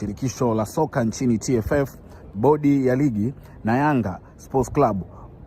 shirikisho la soka nchini TFF, bodi ya ligi na Yanga Sports Club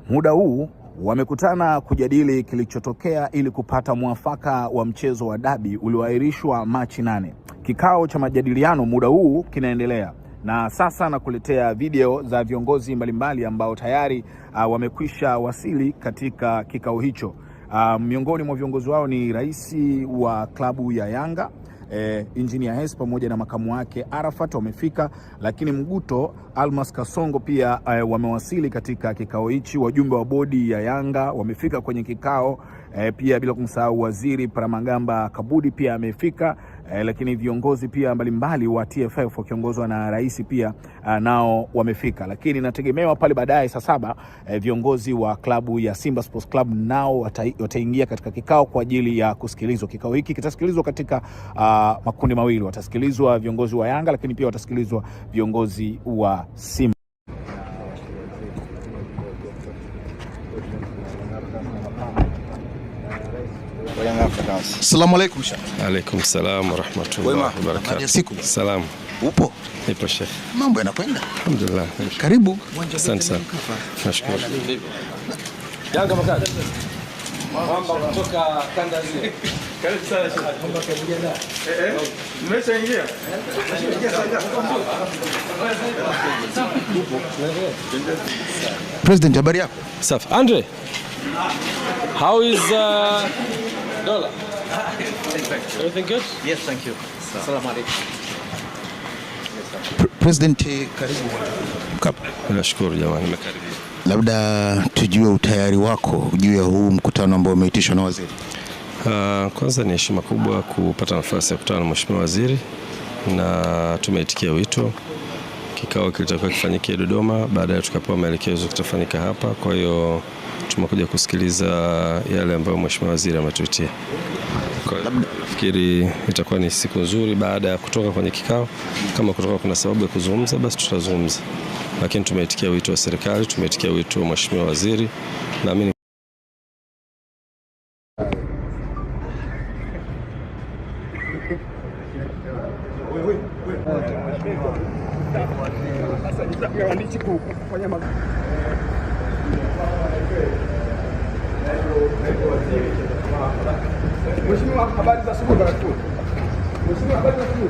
muda huu wamekutana kujadili kilichotokea ili kupata mwafaka wa mchezo wa dabi ulioahirishwa Machi nane. Kikao cha majadiliano muda huu kinaendelea na sasa nakuletea video za viongozi mbalimbali ambao tayari uh, wamekwisha wasili katika kikao hicho. Uh, miongoni mwa viongozi wao ni rais wa klabu ya Yanga eh, Engineer Hersi pamoja na makamu wake Arafat wamefika, lakini Mguto Almas Kasongo pia eh, wamewasili katika kikao hichi. Wajumbe wa bodi ya Yanga wamefika kwenye kikao eh, pia bila kumsahau waziri Paramagamba Kabudi pia amefika eh, lakini viongozi pia mbalimbali wa TFF wakiongozwa na rais pia a, eh, nao wamefika, lakini nategemewa pale baadaye saa saba eh, viongozi wa klabu ya Simba Sports Club nao wataingia katika kikao kwa ajili ya kusikilizwa. Kikao hiki kitasikilizwa katika uh, makundi mawili, watasikilizwa viongozi wa Yanga, lakini pia watasikilizwa viongozi wa Simba. Mkandarasi. Asalamu alaykum Sheikh. Alaykum salam wa rahmatullahi wa barakatuh. Siku. Salamu. Upo? Nipo Sheikh. Mambo yanakwenda? Alhamdulillah. Karibu. Asante sana. Nashukuru. Yanga makazi. Mamba kutoka kanda zile. Karibu sana Sheikh. Eh eh. Mmeshaingia? President, habari yako? Safi. Andre. How is uh... Dola. Everything good? Yes, thank you. alaikum. President, eh, karibu. Nashukuru jamani. Labda tujue utayari wako juu ya huu mkutano ambao umeitishwa na waziri. Uh, kwanza ni heshima kubwa kupata nafasi ya kukutana na Mheshimiwa Waziri na tumeitikia wito kikao kilitakiwa kifanyikie Dodoma, baadaye tukapewa maelekezo kitafanyika hapa. Kwa hiyo tumekuja kusikiliza yale ambayo mheshimiwa waziri ametuitia. Nafikiri itakuwa ni siku nzuri baada ya kutoka kwenye kikao. Kama kutoka kuna sababu ya kuzungumza, basi tutazungumza, lakini tumeitikia wito wa serikali, tumeitikia wito wa mheshimiwa waziri, naamini vya wananchi kufanya Mheshimiwa, habari za siku za watu. Mheshimiwa, habari za siku.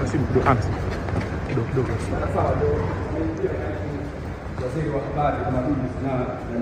Kasibu kidogo amsi. Ah, kidogo kidogo. Sawa. Waziri wa habari na mabidi na